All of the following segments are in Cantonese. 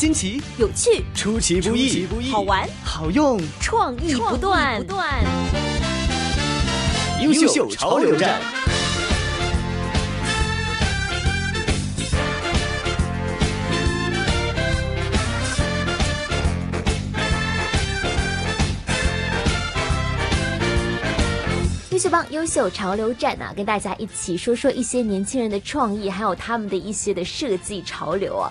新奇、有趣、出其不意、好玩、好用、創意不斷、不斷，優秀潮流站。優秀幫優秀潮流站啊，跟大家一起說說一些年輕人的創意，還有他們的一些的設計潮流啊。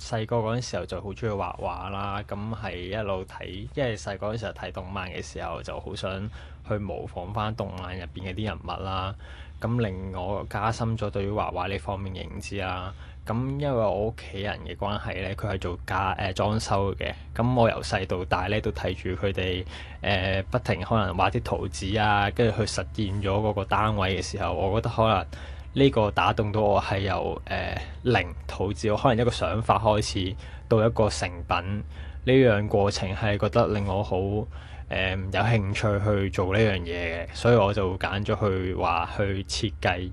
細個嗰陣時候就好中意畫畫啦，咁係一路睇，因為細個嗰陣時候睇動漫嘅時候，就好想去模仿翻動漫入邊嘅啲人物啦，咁令我加深咗對於畫畫呢方面嘅認知啦。咁因為我屋企人嘅關係呢，佢係做家誒、呃、裝修嘅，咁我由細到大呢都睇住佢哋誒不停可能畫啲圖紙啊，跟住去實現咗嗰個單位嘅時候，我覺得可能。呢個打動到我係由誒、呃、零草紙，我可能一個想法開始到一個成品，呢、這、樣、個、過程係覺得令我好誒、呃、有興趣去做呢樣嘢嘅，所以我就揀咗去話去設計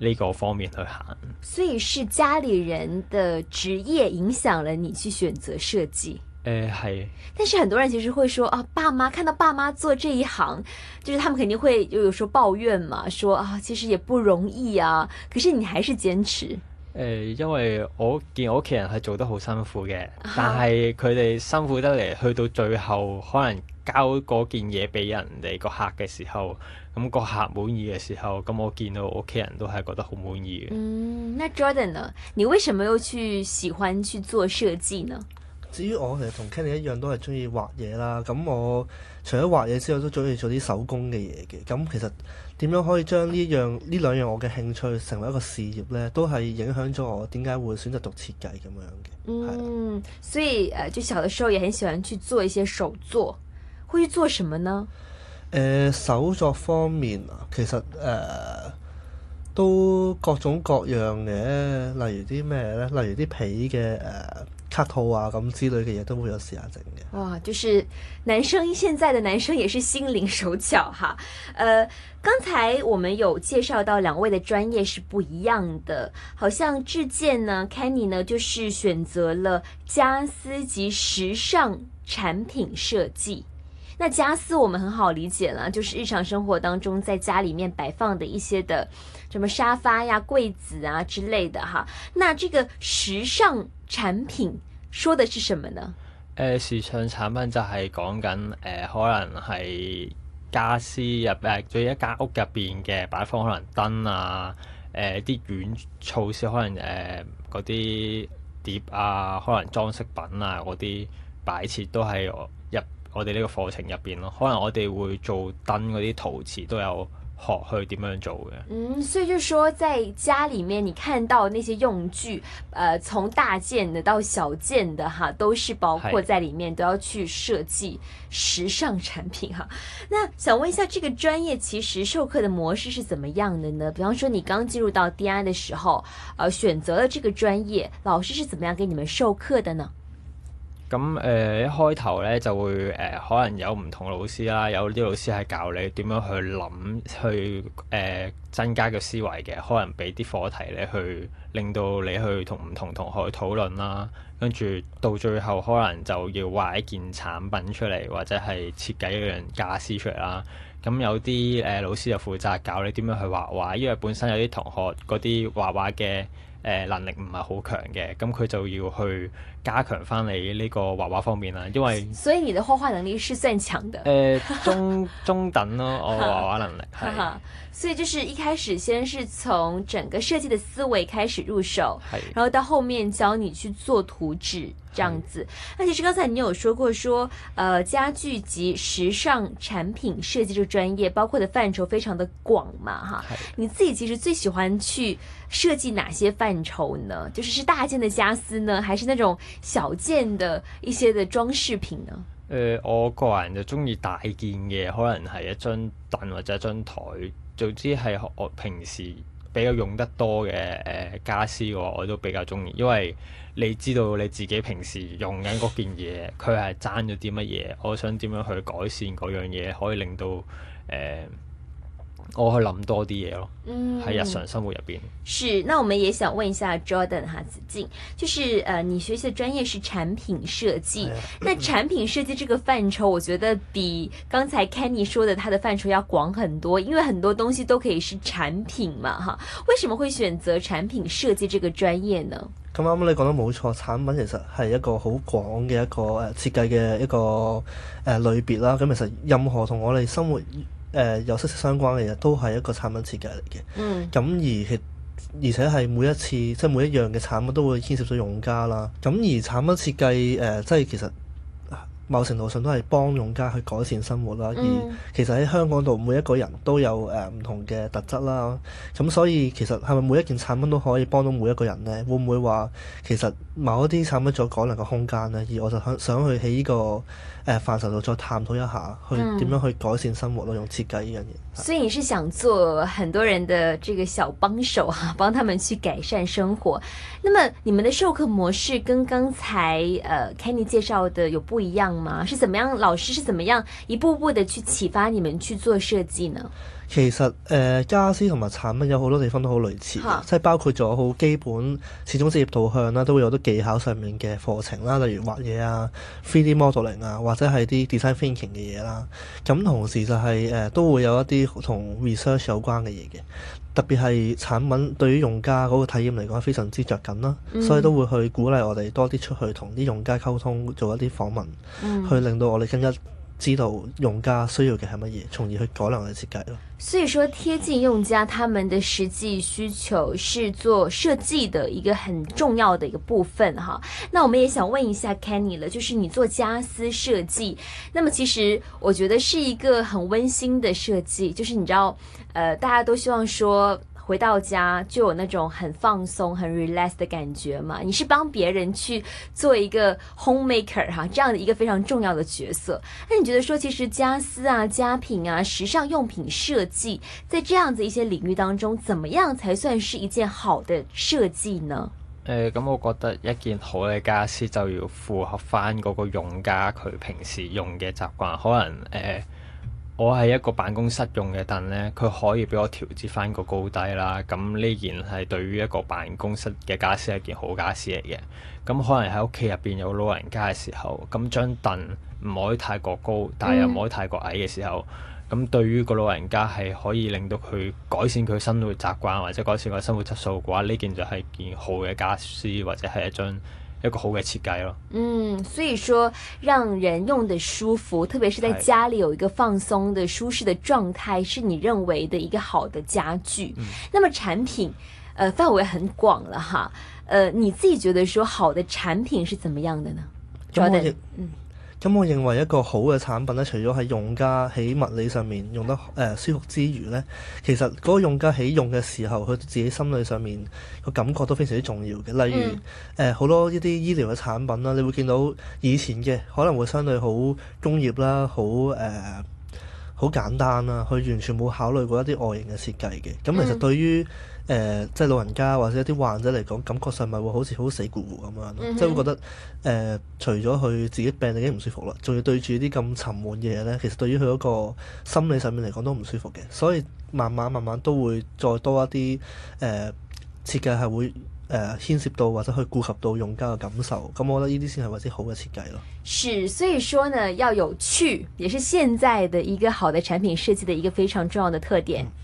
呢個方面去行。所以是家裡人的職業影響了你去選擇設計。誒係，呃、是但是很多人其實會說啊，爸媽看到爸媽做這一行，就是他們肯定會有時候抱怨嘛，說啊其實也不容易啊，可是你還是堅持。誒、呃，因為我見我屋企人係做得好辛苦嘅，啊、但係佢哋辛苦得嚟，去到最後可能交嗰件嘢俾人哋個客嘅時候，咁個客滿意嘅時候，咁我見到我屋企人都係覺得好滿意嘅。嗯，那 Jordan 呢？你為什麼又去喜歡去做設計呢？至於我其實同 Kenny 一樣，都係中意畫嘢啦。咁我除咗畫嘢之外，都中意做啲手工嘅嘢嘅。咁其實點樣可以將呢樣呢兩樣我嘅興趣成為一個事業呢？都係影響咗我點解會選擇讀設計咁樣嘅。嗯，所以誒，就小嘅時候也很喜歡去做一些手作，會去做什麼呢？誒、呃，手作方面啊，其實誒、呃、都各種各樣嘅，例如啲咩呢？例如啲皮嘅誒。呃 cut 套啊咁之類嘅嘢都會有試下整嘅。哇，就是男生，現在的男生也是心靈手巧哈。呃，剛才我們有介紹到兩位嘅專業是不一樣的，好像智健呢，Kenny 呢，就是選擇了家私及時尚產品設計。那家私我們很好理解啦，就是日常生活當中在家裏面擺放的一些的，什麼沙發呀、啊、櫃子啊之類的哈、啊。那這個時尚產品說的是什麼呢？誒、呃，時尚產品就係講緊誒，可能係家私入誒，即係、呃、一間屋入邊嘅擺放，可能燈啊，誒啲軟措施，可能誒嗰啲碟啊，可能裝飾品啊嗰啲擺設都係。我哋呢個課程入邊咯，可能我哋會做燈嗰啲陶瓷都有學去點樣做嘅。嗯，所以就係說，在家裡面你看到那些用具，呃，從大件的到小件的哈，都是包括在裡面都要去設計時尚產品哈。是那想問一下，這個專業其實授課的模式是怎麼樣的呢？比方說，你剛進入到 DI 的時候，呃，選擇了這個專業，老師是怎麼樣給你們授課的呢？咁誒一開頭咧就會誒、呃、可能有唔同老師啦，有啲老師係教你點樣去諗，去誒、呃、增加個思維嘅，可能俾啲課題你去令到你去同唔同同學去討論啦。跟住到最後可能就要畫一件產品出嚟，或者係設計一樣傢俬出嚟啦。咁有啲誒、呃、老師就負責教你點樣去畫畫，因為本身有啲同學嗰啲畫畫嘅。誒、呃、能力唔係好強嘅，咁、嗯、佢就要去加強返你呢個畫畫方面啦，因為所以你的畫畫能力是算強的誒、 呃，中中等咯，我、 哦、畫畫能力係，所以就是一開始先係從整個設計的思維開始入手，是然後到後面教你去做圖紙。這樣子，那其實剛才你有說過說，說呃家具、及時尚產品設計這專業，包括的範疇非常的廣嘛，哈。你自己其實最喜歡去設計哪些範疇呢？就是是大件的家私呢，還是那種小件的一些的裝飾品呢、呃？我個人就鍾意大件嘅，可能係一張凳或者一張台，總之係我平時比較用得多嘅，誒、呃、家私嘅話，我都比較鍾意，因為。你知道你自己平時用緊嗰件嘢，佢係爭咗啲乜嘢？我想點樣去改善嗰樣嘢，可以令到誒，我可以諗多啲嘢咯。嗯，喺日常生活入邊。是，那我們也想問一下 Jordan 哈子靖，就是誒，uh, 你學習的專業是產品設計。 那產品設計這個範疇，我覺得比剛才 Kenny 說的它的範疇要廣很多，因為很多東西都可以是產品嘛。哈，為什麼會選擇產品設計這個專業呢？咁啱啱你講得冇錯，產品其實係一個好廣嘅一個誒、呃、設計嘅一個誒、呃、類別啦。咁其實任何同我哋生活誒、呃、有息息相關嘅嘢，都係一個產品設計嚟嘅。嗯。咁而而且係每一次即係每一樣嘅產品都會牽涉到用家啦。咁而產品設計誒、呃、即係其實。某程度上都係幫用家去改善生活啦。嗯、而其實喺香港度，每一個人都有誒唔同嘅特質啦。咁所以其實係咪每一件產品都可以幫到每一個人呢？會唔會話其實某一啲產品仲有改良嘅空間呢？而我就想想去起呢個誒範疇度再探討一下，去點樣去改善生活咯。嗯、用設計依樣嘢。所以你是想做很多人的這個小幫手啊，幫他們去改善生活。那麼你們的授課模式跟剛才誒、呃、Kenny 介紹的有不一樣嗎？是怎麼樣？老師是怎麼樣一步步的去啟發你們去做設計呢？其實誒傢俬同埋產品有好多地方都好類似、啊、即係包括咗好基本始終專業導向啦、啊，都會有啲技巧上面嘅課程啦，例如畫嘢啊、3D modeling 啊，或者係啲 design thinking 嘅嘢啦。咁同時就係、是、誒、呃、都會有一啲同 research 有關嘅嘢嘅，特別係產品對於用家嗰個體驗嚟講非常之着緊啦，嗯、所以都會去鼓勵我哋多啲出去同啲用家溝通，做一啲訪問，嗯、去令到我哋更加。知道用家需要嘅係乜嘢，從而去改良嘅設計咯。所以說貼近用家他們嘅實際需求，是做設計的一個很重要的一個部分哈。那我們也想問一下 Kenny 啦，就是你做家私設計，那麼其實我覺得是一個很溫馨嘅設計，就是你知道，呃，大家都希望說。回到家就有那種很放鬆、很 relax 的感覺嘛。你是幫別人去做一個 homemaker 哈，這樣的一個非常重要的角色。那你覺得說，其實家私啊、家品啊、時尚用品設計，在這樣子一些領域當中，怎麼樣才算是一件好的設計呢？誒、呃，咁、嗯、我覺得一件好嘅家私就要符合返嗰個用家佢平時用嘅習慣，可能誒。呃我係一個辦公室用嘅凳呢，佢可以俾我調節翻個高低啦。咁、嗯、呢件係對於一個辦公室嘅傢俬係件好家私嚟嘅。咁、嗯、可能喺屋企入邊有老人家嘅時候，咁張凳唔可以太過高，但係又唔可以太過矮嘅時候，咁對於個老人家係、嗯可，可，嗯、可以令到佢改善佢生活習慣或者改善佢生活質素嘅話，呢件就係件好嘅家私，或者係一張。一個好嘅設計咯，嗯，所以說讓人用得舒服，特別是在家裏有一個放鬆的舒適的狀態，嗯、是你認為的一個好的家具。嗯、那麼產品，呃，範圍很廣了哈，呃，你自己覺得說好的產品是怎麼樣的呢？覺得， Jordan, 嗯。咁我認為一個好嘅產品咧，除咗喺用家喺物理上面用得誒、呃、舒服之餘咧，其實嗰個用家喺用嘅時候，佢自己心理上面個感覺都非常之重要嘅。例如誒好、嗯呃、多一啲醫療嘅產品啦，你會見到以前嘅可能會相對好工業啦，好誒。呃好簡單啦、啊，佢完全冇考慮過一啲外形嘅設計嘅，咁其實對於誒、嗯呃、即係老人家或者一啲患者嚟講，感覺上咪會好似好死估估咁樣囉，嗯、哼即係會覺得誒、呃，除咗佢自己病已經唔舒服啦，仲要對住啲咁沉悶嘅嘢咧，其實對於佢嗰個心理上面嚟講都唔舒服嘅，所以慢慢慢慢都會再多一啲誒、呃、設計係會。誒、uh, 牽涉到或者去顧及到用家嘅感受，咁我覺得呢啲先係或者好嘅設計咯。是，所以說呢，要有趣，也是現在的一個好的產品設計嘅一個非常重要的特點。嗯。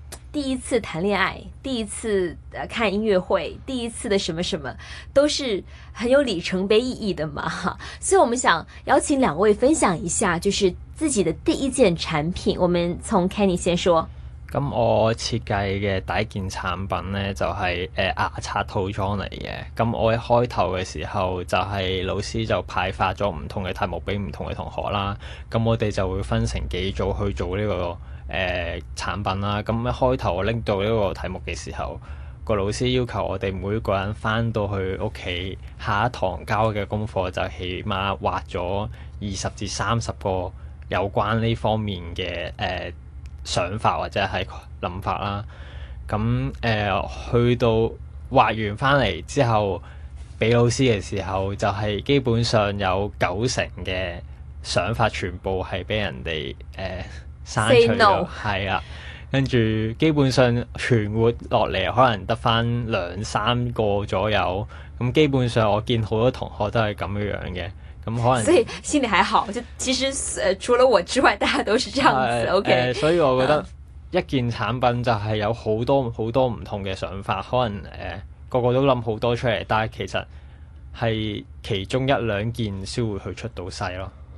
第一次談戀愛，第一次看音樂會，第一次的什麼什麼，都是很有里程碑意義的嘛。所以我們想邀請兩位分享一下，就是自己的第一件產品。我們從 Kenny 先說。咁我設計嘅第一件產品呢，就係誒牙刷套裝嚟嘅。咁我一開頭嘅時候就係老師就派發咗唔同嘅題目俾唔同嘅同學啦。咁我哋就會分成幾組去做呢個。誒、呃、產品啦，咁一開頭我拎到呢個題目嘅時候，個老師要求我哋每個人翻到去屋企下一堂交嘅功課，就起碼畫咗二十至三十個有關呢方面嘅誒、呃、想法或者係諗法啦。咁誒、呃、去到畫完翻嚟之後，俾老師嘅時候，就係基本上有九成嘅想法全部係俾人哋誒。呃刪係 Say no. 啊，跟住基本上存活落嚟，可能得返兩三個左右。咁基本上我見好多同學都係咁樣樣嘅，咁可能所以心理還好，即其實除咗我之外，大家都是這樣子。啊、o Okay . K、呃、所以我覺得一件產品就係有好多好多唔同嘅想法，可能誒、呃、個個都諗好多出嚟，但係其實係其中一兩件先會去出到世咯。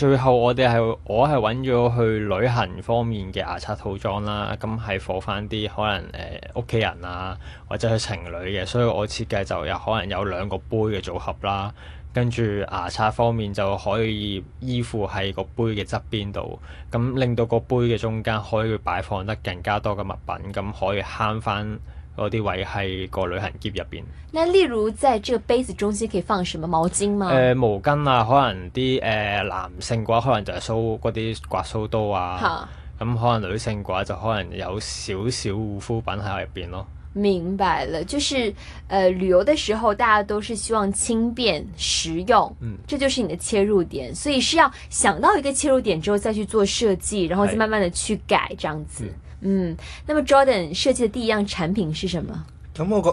最後我哋係我係揾咗去旅行方面嘅牙刷套裝啦，咁係火翻啲可能誒屋企人啊，或者係情侶嘅，所以我設計就有可能有兩個杯嘅組合啦，跟住牙刷方面就可以依附喺個杯嘅側邊度，咁令到個杯嘅中間可以擺放得更加多嘅物品，咁可以慳翻。嗰啲位喺個旅行夾入邊。那例如，在這個杯子中心可以放什麼毛巾嗎？誒、呃，毛巾啊，可能啲誒、呃、男性嘅話，可能就係鬚嗰啲刮鬚刀啊。好。咁、嗯、可能女性嘅話，就可能有少少護膚品喺入邊咯。明白了，就是誒、呃、旅遊嘅時候，大家都是希望輕便實用，嗯，這就是你的切入點。所以是要想到一個切入點之後，再去做設計，然後再慢慢的去改，是這樣子。嗯。嗯，那麼 Jordan 設計的第一樣產品是什麼？咁、嗯、我個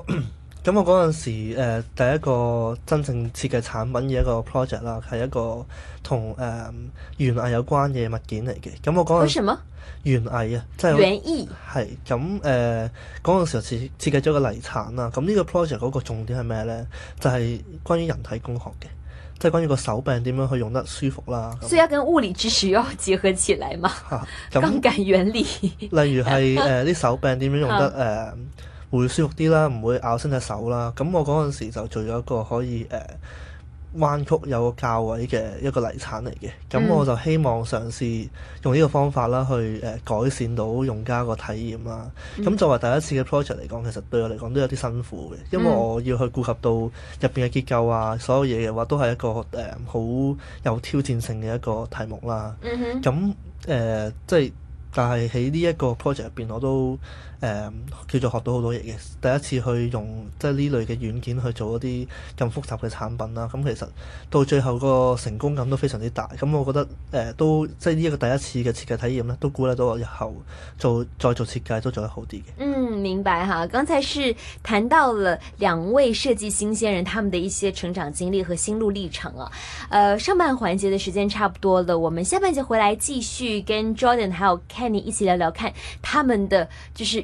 咁我陣時誒、呃、第一個真正設計產品嘅一個 project 啦，係一個同誒園藝有關嘅物件嚟嘅。咁我講什麼園藝啊，即係園藝係咁誒，陣意、呃、時候設設計咗個泥鏟啦。咁呢個 project 嗰個重點係咩咧？就係、是、關於人體工學嘅。即係關於個手柄點樣去用得舒服啦，所以要跟物理知識要結合起來嘛。咁、啊，槓、嗯、杆原理。 例如係誒啲手柄點樣用得誒、 呃、會舒服啲啦，唔會咬親隻手啦。咁我嗰陣時就做咗一個可以誒。呃彎曲有個價位嘅一個泥產嚟嘅，咁我就希望嘗試用呢個方法啦，去誒改善到用家個體驗啦。咁、嗯、作為第一次嘅 project 嚟講，其實對我嚟講都有啲辛苦嘅，因為我要去顧及到入邊嘅結構啊，所有嘢嘅話都係一個誒好、嗯、有挑戰性嘅一個題目啦。咁誒、嗯哼呃，即係但係喺呢一個 project 入邊，我都。誒叫做學到好多嘢嘅，第一次去用即係呢類嘅軟件去做一啲咁複雜嘅產品啦。咁其實到最後個成功感都非常之大。咁我覺得誒都即係呢一個第一次嘅設計體驗呢，都鼓勵到我日後做再做設計都做得好啲嘅。嗯，明白哈。剛才是談到了兩位設計新鮮人，他們的一些成長經歷和心路歷程啊。呃，上半環節嘅時間差不多了，我們下半節回來繼續跟 Jordan 還有 Kenny 一起聊聊看他們的，就是。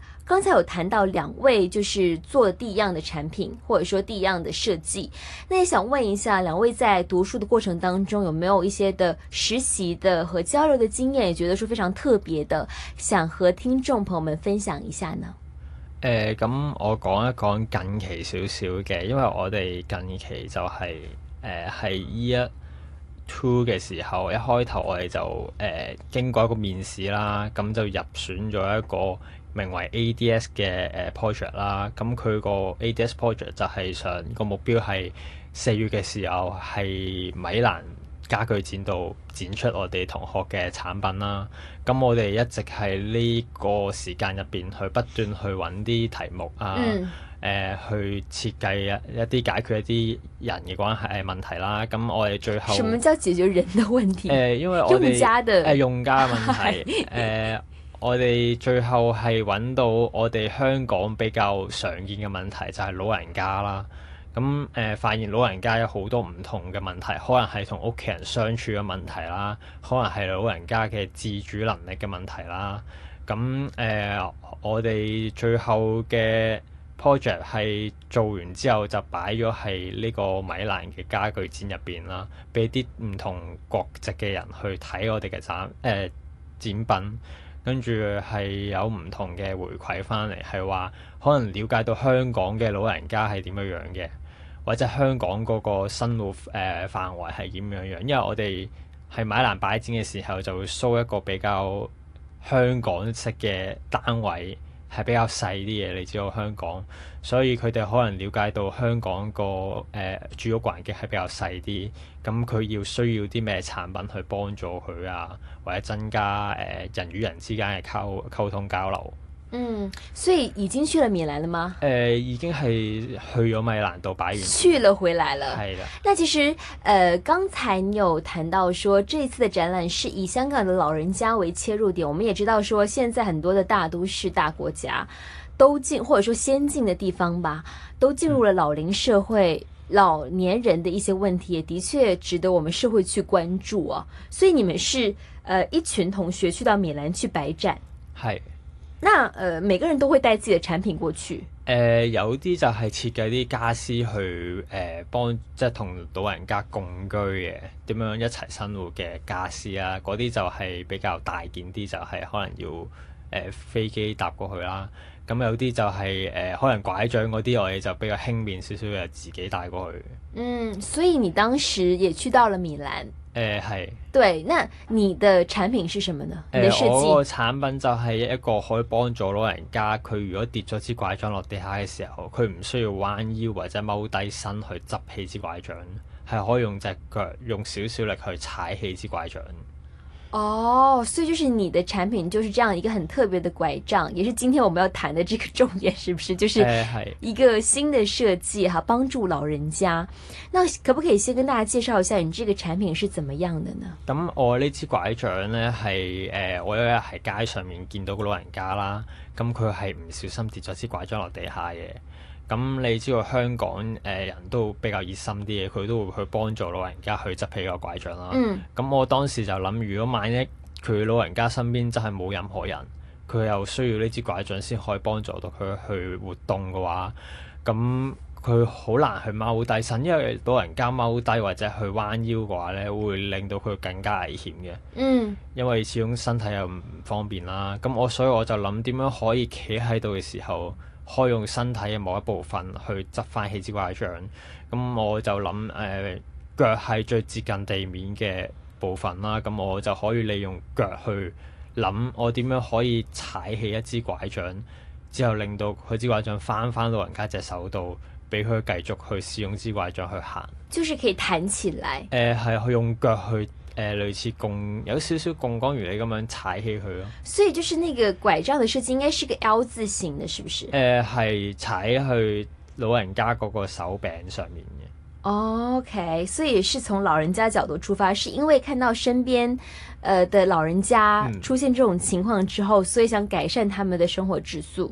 剛才有談到兩位就是做第一樣的產品，或者說第一樣的設計，那也想問一下兩位在讀書的過程當中，有沒有一些的實習的和交流的經驗，也覺得說非常特別的，想和聽眾朋友們分享一下呢？誒、呃，咁、嗯、我講一講近期少少嘅，因為我哋近期就係誒係 year two 嘅時候，一開頭我哋就誒、呃、經過一個面試啦，咁、嗯、就入選咗一個名為 ADS 嘅誒、呃、project 啦，咁佢個 ADS project 就係想個目標係四月嘅時候係米蘭家具展度展出我哋同學嘅產品啦。咁我哋一直喺呢個時間入邊去不斷去揾啲題目啊，誒去設計一啲解決一啲人嘅關係問題啦。咁我哋最後，什麼叫解決人嘅問題？誒，因為我哋用家嘅誒、呃、用家嘅問題誒。 呃嗯我哋最後係揾到我哋香港比較常見嘅問題就係老人家啦。咁誒、呃，發現老人家有好多唔同嘅問題，可能係同屋企人相處嘅問題啦，可能係老人家嘅自主能力嘅問題啦。咁誒、呃，我哋最後嘅 project 係做完之後就擺咗喺呢個米蘭嘅家具展入邊啦，俾啲唔同國籍嘅人去睇我哋嘅展誒、呃、展品。跟住係有唔同嘅回饋翻嚟，係話可能了解到香港嘅老人家係點樣樣嘅，或者香港嗰個生活誒範圍係點樣樣。因為我哋係買樓擺展嘅時候，就會收一個比較香港式嘅單位。係比較細啲嘢，你知道香港，所以佢哋可能了解到香港個誒住屋環境係比較細啲，咁佢要需要啲咩產品去幫助佢啊？或者增加誒、呃、人與人之間嘅溝溝通交流。嗯，所以已經去了米蘭了嗎？誒、呃，已經係去咗米蘭度擺完，去了回來了。係啦的，那其實誒、呃，剛才你有談到說，這次的展覽是以香港的老人家為切入點，我們也知道說，現在很多的大都市、大國家都進，或者說先進的地方吧，都進入了老齡社會，嗯、老年人的一些問題也的確值得我們社會去關注哦、啊。所以你們是誒、呃，一群同學去到米蘭去擺展，係。那，呃，每個人都會帶自己嘅產品過去。誒、呃，有啲就係設計啲家私去，誒、呃，幫即係同老人家共居嘅、點樣一齊生活嘅家私啊。嗰啲就係比較大件啲，就係、是、可能要誒、呃、飛機搭過去啦。咁、啊、有啲就係、是、誒、呃，可能拐杖嗰啲我哋就比較輕便少少嘅，自己帶過去。嗯，所以你當時也去到了米蘭。誒，係、欸，對，那你的產品是什麼呢？你的設計？誒、欸，我個產品就係一個可以幫助老人家，佢如果跌咗支拐杖落地下嘅時候，佢唔需要彎腰或者踎低身去執起支拐杖，係可以用隻腳用少少力去踩起支拐杖。哦，oh, 所以就是你的產品就是這樣一個很特別的拐杖，也是今天我們要談的這個重點，是不是？就是一個新的設計哈，幫助老人家。那可不可以先跟大家介紹一下你這個產品是怎麼樣的呢？咁、嗯、我呢支拐杖咧係誒，我有一日喺街上面見到個老人家啦，咁佢係唔小心跌咗支拐杖落地下嘅。咁你知道香港誒人都比較熱心啲嘅，佢都會去幫助老人家去執起個拐杖啦。咁、嗯、我當時就諗，如果萬一佢老人家身邊真係冇任何人，佢又需要呢支拐杖先可以幫助到佢去活動嘅話，咁佢好難去踎低身，因為老人家踎低或者去彎腰嘅話咧，會令到佢更加危險嘅。嗯、因為始終身體又唔方便啦。咁我所以我就諗點樣可以企喺度嘅時候，可以用身體嘅某一部分去執翻起支拐杖，咁我就諗誒、呃、腳係最接近地面嘅部分啦，咁我就可以利用腳去諗我點樣可以踩起一支拐杖，之後令到佢支拐杖翻翻到人家隻手度，俾佢繼續去試用支拐杖去行。就是可以彈起來。誒、呃，係用腳去。誒、呃，類似共有少少槓桿原理咁樣踩起佢咯。所以就是那個拐杖的設計應該是個 L 字形的，是不是？誒、呃，係踩去老人家嗰個手柄上面嘅。Oh, OK，所以是從老人家角度出發，是因為看到身邊誒、呃、的老人家出現這種情況之後，嗯、所以想改善他們的生活質素。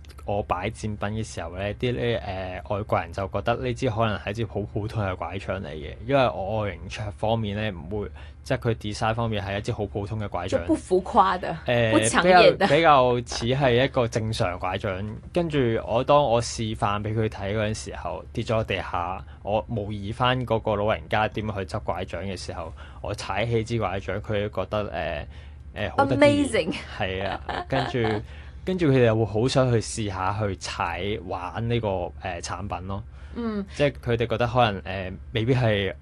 我擺展品嘅時候呢，啲呢，誒，外國人就覺得呢支可能係一支好普通嘅拐杖嚟嘅，因為我外形方面呢唔會，即係佢 design 方面係一支好普通嘅拐杖。就不浮誇的，呃、不搶曾眼，比較比較似係一個正常拐杖。 跟住我當我示範俾佢睇嗰陣時候，跌咗地下，我模擬翻嗰個老人家點樣去執拐杖嘅時候，我踩起支拐杖，佢都覺得誒、誒好得意。呃呃、Amazing。係啊，跟住。跟住佢哋又會好想去試下去踩玩呢、這個誒、呃、產品咯，嗯， 即係佢哋覺得可能誒、呃、未必係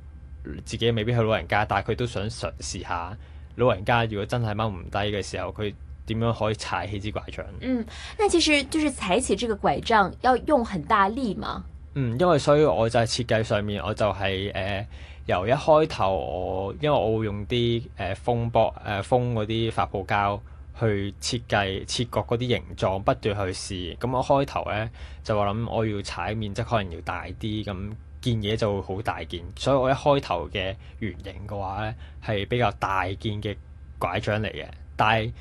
自己未必係老人家，但係佢都想嘗試下老人家如果真係掹唔低嘅時候，佢點樣可以踩起支拐杖 嗯，那其實就係踩起這個拐杖要用很大力嘛，嗯，因為所以我就喺設計上面，我就係、是、誒、呃、由一開頭我因為我會用啲誒風波誒風嗰啲發泡膠。去設計、切割嗰啲形狀，不斷去試。咁我開頭呢，就話諗我要踩面積可能要大啲，咁件嘢就會好大件。所以我一開頭嘅原型嘅話呢，係比較大件嘅拐杖嚟嘅。但係誒、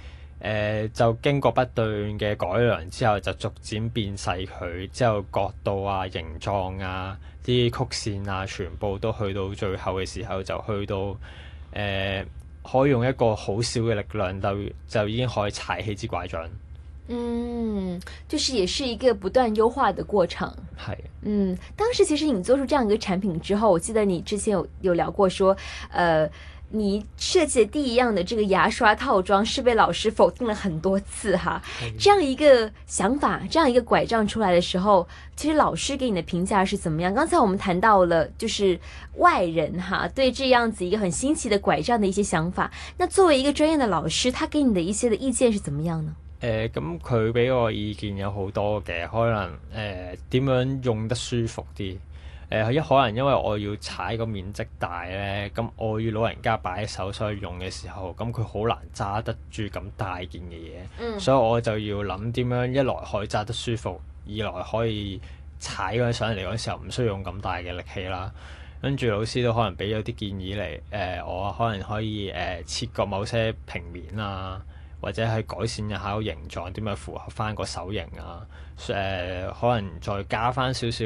呃，就經過不斷嘅改良之後，就逐漸變細佢。之後角度啊、形狀啊、啲曲線啊，全部都去到最後嘅時候，就去到誒。呃可以用一個好小嘅力量就就已經可以踩起支拐杖，嗯，就是也是一個不斷優化嘅過程。係的，嗯，當時其實你做出這樣一個產品之後，我記得你之前有有聊過，說，呃。你設計的第一樣的這個牙刷套裝是被老師否定了很多次哈，嗯、這樣一個想法，這樣一個拐杖出來的時候，其實老師給你的評價是怎麼樣？剛才我們談到了就是外人哈對這樣子一個很新奇的拐杖的一些想法，那作為一個專業的老師，他給你的一些的意見是怎麼樣呢？誒、呃，咁佢俾我意見有好多嘅，可能誒、呃、點樣用得舒服啲。誒一、呃、可能因為我要踩個面積大咧，咁我要老人家擺喺手上去用嘅時候，咁佢好難揸得住咁大件嘅嘢，嗯、所以我就要諗點樣一來可以揸得舒服，二來可以踩佢上嚟嗰時候唔需要用咁大嘅力氣啦。跟住老師都可能俾咗啲建議嚟，誒、呃、我可能可以誒、呃、切割某些平面啊。或者係改善一下個形狀，點樣符合翻個手型啊？誒、呃，可能再加翻少少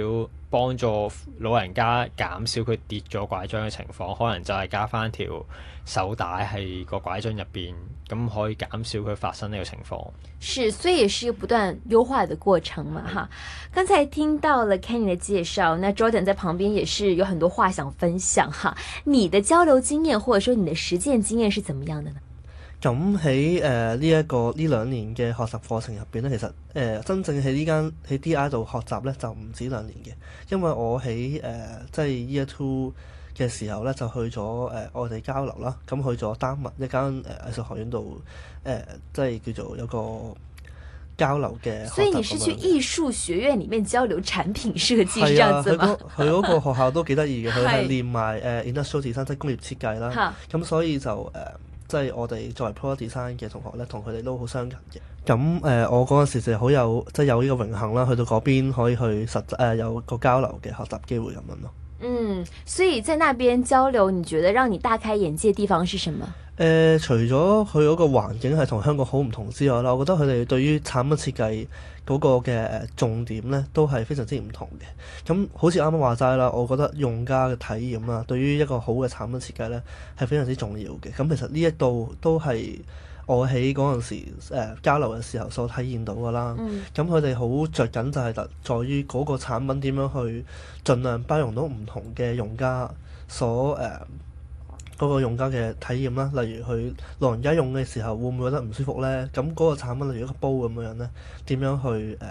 幫助老人家減少佢跌咗拐杖嘅情況，可能就係加翻條手帶喺個拐杖入邊，咁可以減少佢發生呢個情況。是，所以也是一個不斷優化嘅過程嘛，哈！剛才聽到了 Kenny 嘅介紹，那 Jordan 在旁邊也是有很多話想分享，哈！你的交流經驗，或者說你的實踐經驗是怎麼樣的呢？咁喺誒呢一個呢兩年嘅學習課程入邊咧，其實誒真正喺呢間喺 DI 度學習咧，就唔止兩年嘅，因為我喺誒、呃、即係 Year Two 嘅時候咧，就去咗誒外地交流啦。咁去咗丹麥一間誒藝術學院度誒，即、呃、係、就是、叫做有個交流嘅。所以你是去藝術學院裡面交流產品設計，係啊？佢嗰、那個、 個學校都幾得意嘅，佢係連埋誒 Industrial Design 工業設計啦。咁所以就誒。呃即係我哋作為 Pro Design 嘅同學咧，同佢哋都好相近嘅。咁誒，我嗰陣時就好有，即係有呢個榮幸啦，去到嗰邊可以去實質有個交流嘅學習機會咁樣咯。嗯，所以在那邊交流，你覺得讓你大開眼界嘅地方係什麼？誒、呃，除咗佢嗰個環境係同香港好唔同之外啦，我覺得佢哋對於產品設計嗰個嘅誒重點咧，都係非常之唔同嘅。咁好似啱啱話齋啦，我覺得用家嘅體驗啦，對於一個好嘅產品設計咧，係非常之重要嘅。咁其實呢一度都係我喺嗰陣時呃、交流嘅時候所體驗到㗎啦。咁佢哋好着緊就係特在於嗰個產品點樣去盡量包容到唔同嘅用家所誒。呃嗰個用家嘅體驗啦，例如佢老人家用嘅時候會唔會覺得唔舒服咧？咁嗰個產品，例如一個煲咁樣樣咧，點樣去誒、呃、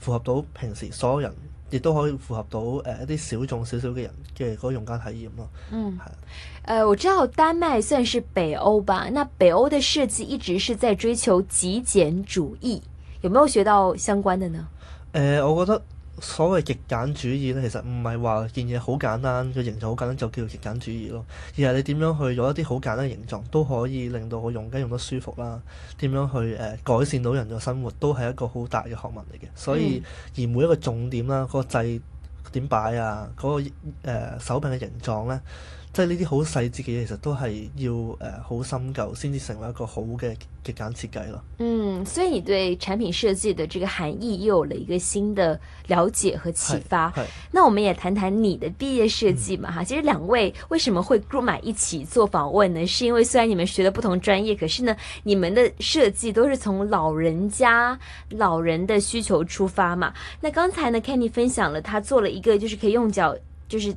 符合到平時所有人，亦都可以符合到誒一啲小眾少少嘅人嘅嗰個用家體驗咯。嗯，係啊是、呃，我知道丹麥算是北歐吧，那北歐嘅設計一直是在追求極簡主義，有冇有學到相關的呢？誒、呃，我覺得。所謂極簡主義咧，其實唔係話件嘢好簡單，個形狀好簡單就叫做極簡主義咯，而係你點樣去用一啲好簡單嘅形狀，都可以令到我用緊用得舒服啦。點樣去誒、呃、改善到人嘅生活，都係一個好大嘅學問嚟嘅。所以、嗯、而每一個重點啦，個掣點擺啊，嗰、嗰個、呃、手柄嘅形狀咧。即係呢啲好細節嘅嘢，其實都係要誒好、呃、深究，先至成為一個好嘅嘅簡設計咯。嗯，所以你對產品設計的這個含義又有了一個新的了解和啟發。那我們也談談你的畢業設計嘛，哈、嗯！其實兩位為什麼會 g r 一起做訪問呢？是因為雖然你們學的不同專業，可是呢，你們的設計都是從老人家老人的需求出發嘛。那剛才呢，Kenny 分享了，他做了一個就是可以用腳，就是。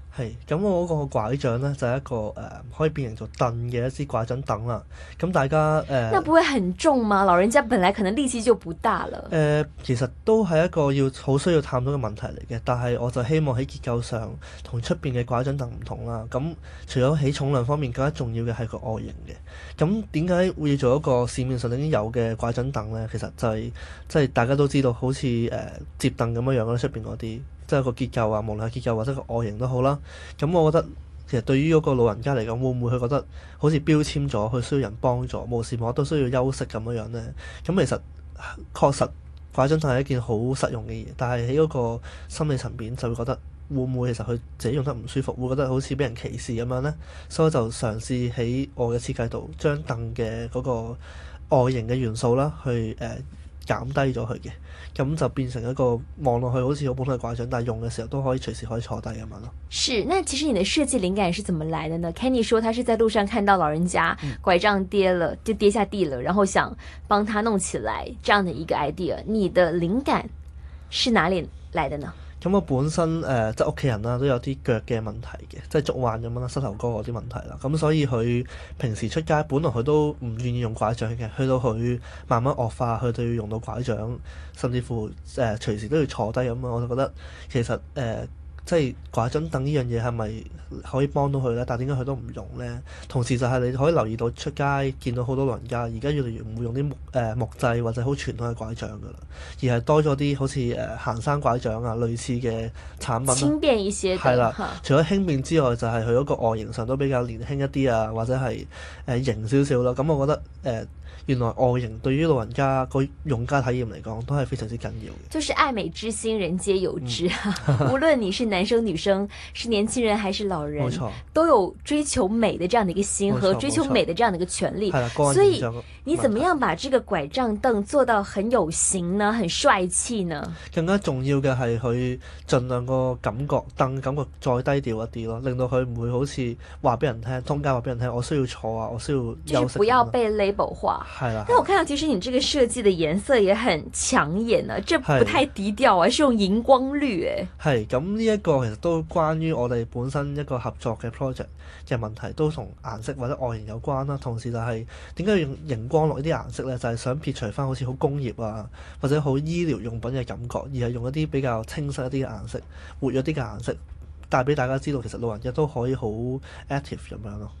係，咁我嗰個拐杖咧就係、是、一個誒、呃、可以變形做凳嘅一支拐杖凳啦。咁大家誒，呃、那不會很重嗎？老人家本來可能力氣就不大了。誒、呃，其實都係一個要好需要探討嘅問題嚟嘅。但係我就希望喺結構上同出邊嘅拐杖凳唔同啦。咁、嗯、除咗喺重量方面更加重要嘅係個外形嘅。咁點解會要做一個市面上已經有嘅拐杖凳咧？其實就係即係大家都知道，好似誒摺凳咁樣樣啦，出邊嗰啲。即係個結構啊，無論係結構或者個外形都好啦。咁我覺得其實對於嗰個老人家嚟講，會唔會佢覺得好似標籤咗，佢需要人幫助，無時無刻都需要休息咁樣樣咧？咁其實確實拐張凳係一件好實用嘅嘢，但係喺嗰個心理層面就會覺得會唔會其實佢自己用得唔舒服，會覺得好似俾人歧視咁樣咧。所以就嘗試喺我嘅設計度，將凳嘅嗰個外形嘅元素啦，去誒。減低咗佢嘅，咁就變成一個望落去好似好普通嘅拐杖，但係用嘅時候都可以隨時可以坐低咁樣咯。是，那其實你的設計靈感是怎麼來的呢？Kenny 說他是在路上看到老人家拐杖跌了，就跌下地了，然後想幫他弄起來，這樣的一個 idea。你的靈感是哪裡來的呢？咁我本身誒、呃、即係屋企人啦，都有啲腳嘅問題嘅，即係足患咁樣啦、膝頭哥嗰啲問題啦。咁所以佢平時出街，本來佢都唔願意用拐杖嘅，去到佢慢慢惡化，佢就要用到拐杖，甚至乎誒隨、呃、時都要坐低咁樣。我就覺得其實誒。呃即係拐杖凳呢樣嘢係咪可以幫到佢咧？但點解佢都唔用咧？同時就係你可以留意到出街見到好多老人家，而家越嚟越唔會用啲木誒、呃、木製或者好傳統嘅拐杖㗎啦，而係多咗啲好似誒、呃、行山拐杖啊類似嘅產品咯。輕便一些係啦，嘅嗯、除咗輕便之外，就係佢嗰個外形上都比較年輕一啲啊，或者係誒、呃、型少少咯。咁、嗯、我覺得誒。呃原來外形對於老人家個用家體驗嚟講，都係非常之緊要嘅。就是愛美之心，人皆有之。嗯、 無論你是男生、女生，是年輕人還是老人，冇錯，都有追求美的這樣的一個心和冇錯，追求美的這樣的一個權利。所以你怎麼樣把這個拐杖凳做到很有型呢？很帥氣呢？更加重要嘅係佢盡量個感覺凳感覺再低調一啲咯，令到佢唔會好似話俾人聽，通街話俾人聽，我需要坐啊，我需要休息，就不要被 label 化。係啦，啊、但我看到其實你這個設計嘅顏色也很搶眼啊，這不太低調啊，是，啊是用螢光綠誒、啊。係、啊，咁呢一個其實都關於我哋本身一個合作嘅 project 嘅問題，都同顏色或者外形有關啦、啊。同時就係點解要用螢光綠呢啲顏色呢？就係、是、想撇除翻好似好工業啊或者好醫療用品嘅感覺，而係用一啲比較清晰一啲嘅顏色，活躍啲嘅顏色，帶俾大家知道其實老人嘅都可以好 active 咁樣咯、啊。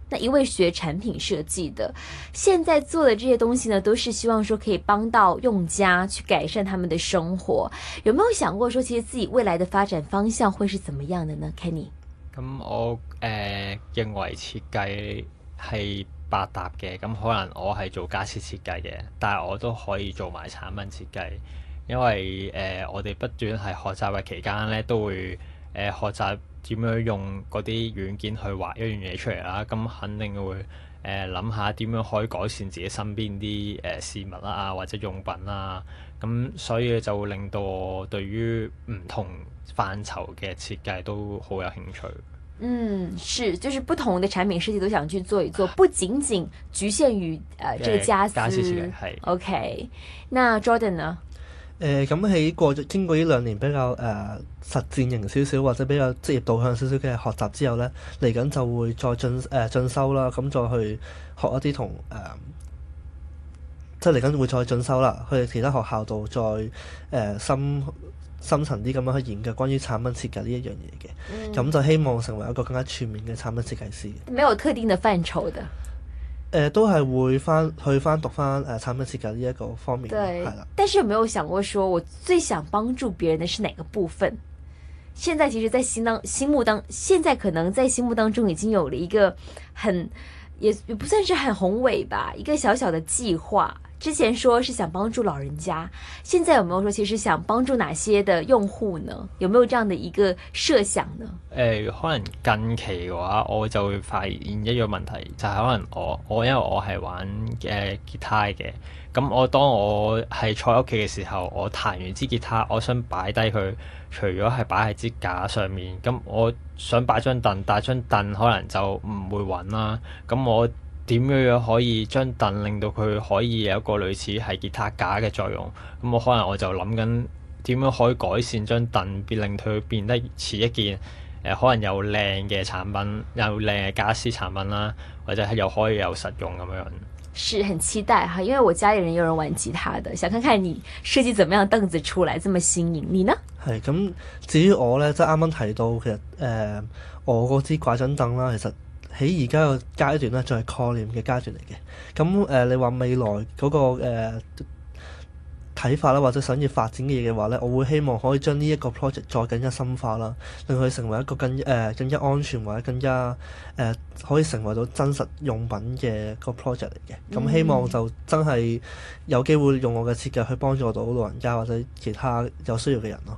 那一位學產品設計的，現在做的這些東西呢，都是希望說可以幫到用家去改善他們的生活。有沒有想過說，其實自己未來的發展方向會是怎麼樣的呢？Kenny，咁、嗯、我誒、呃、認為設計係百搭嘅，咁、嗯、可能我係做家私設計嘅，但係我都可以做埋產品設計，因為誒、呃、我哋不斷係學習嘅期間咧，都會誒、呃、學習。點樣用嗰啲軟件去畫一樣嘢出嚟啦？咁肯定會誒諗、呃、下點樣可以改善自己身邊啲誒事物啦、啊，或者用品啦、啊。咁所以就會令到我對於唔同範疇嘅設計都好有興趣。嗯，是，就是不同的產品設計都想去做一做，不僅僅局限於誒、呃呃、即係家私。家私設計，係。OK，那 Jordan 呢？誒咁喺過咗經過呢兩年比較誒、呃、實戰型少少或者比較職業導向少少嘅學習之後咧，嚟緊就會再進誒、呃、進修啦，咁再去學一啲同誒、呃，即係嚟緊會再進修啦，去其他學校度再誒、呃、深深層啲咁樣去研究關於產品設計呢一、嗯、樣嘢嘅，咁就希望成為一個更加全面嘅產品設計師。沒有特定嘅範疇的。誒、呃、都係會翻去翻讀翻誒產品設計呢一個方面，係啦對。了但是有沒有想過，說我最想幫助別人的是哪個部分？現在其實在心當、心目當，現在可能在心目當中已經有了一個很，也也不算是很宏偉吧，一個小小的計劃。之前說是想幫助老人家，現在有沒有說其實想幫助哪些的用戶呢？有沒有這樣的一個設想呢？誒，可能近期嘅話，我就會發現一樣問題，就係可能我我因為我係玩誒吉他嘅，咁我當我係坐喺屋企嘅時候，我彈完支吉他，我想擺低佢，除咗係擺喺支架上面，咁我想擺張凳，但係張凳可能就唔會穩啦，咁我。點樣樣可以將凳令到佢可以有一個類似係吉他架嘅作用？咁我可能我就諗緊點樣可以改善張凳，變令佢變得似一件誒、呃、可能又靚嘅產品，又靚嘅家私產品啦，或者係又可以有實用咁樣。是很期待哈，因為我家裡人有人玩吉他的，想看看你設計點樣凳子出來，咁新穎。你呢？係咁，至於我呢，即係啱啱提到其實誒、呃，我嗰支拐杖凳啦，其實。喺而家個階段咧，仲係概念嘅階段嚟嘅。咁誒、呃，你話未來嗰、嗰個睇、呃、法啦，或者想要發展嘅嘢嘅話咧，我會希望可以將呢一個 project 再更加深化啦，令佢成為一個更誒、呃、更加安全或者更加誒、呃、可以成為到真實用品嘅個 project 嚟嘅。咁希望就真係有機會用我嘅設計去幫助到老人家或者其他有需要嘅人咯。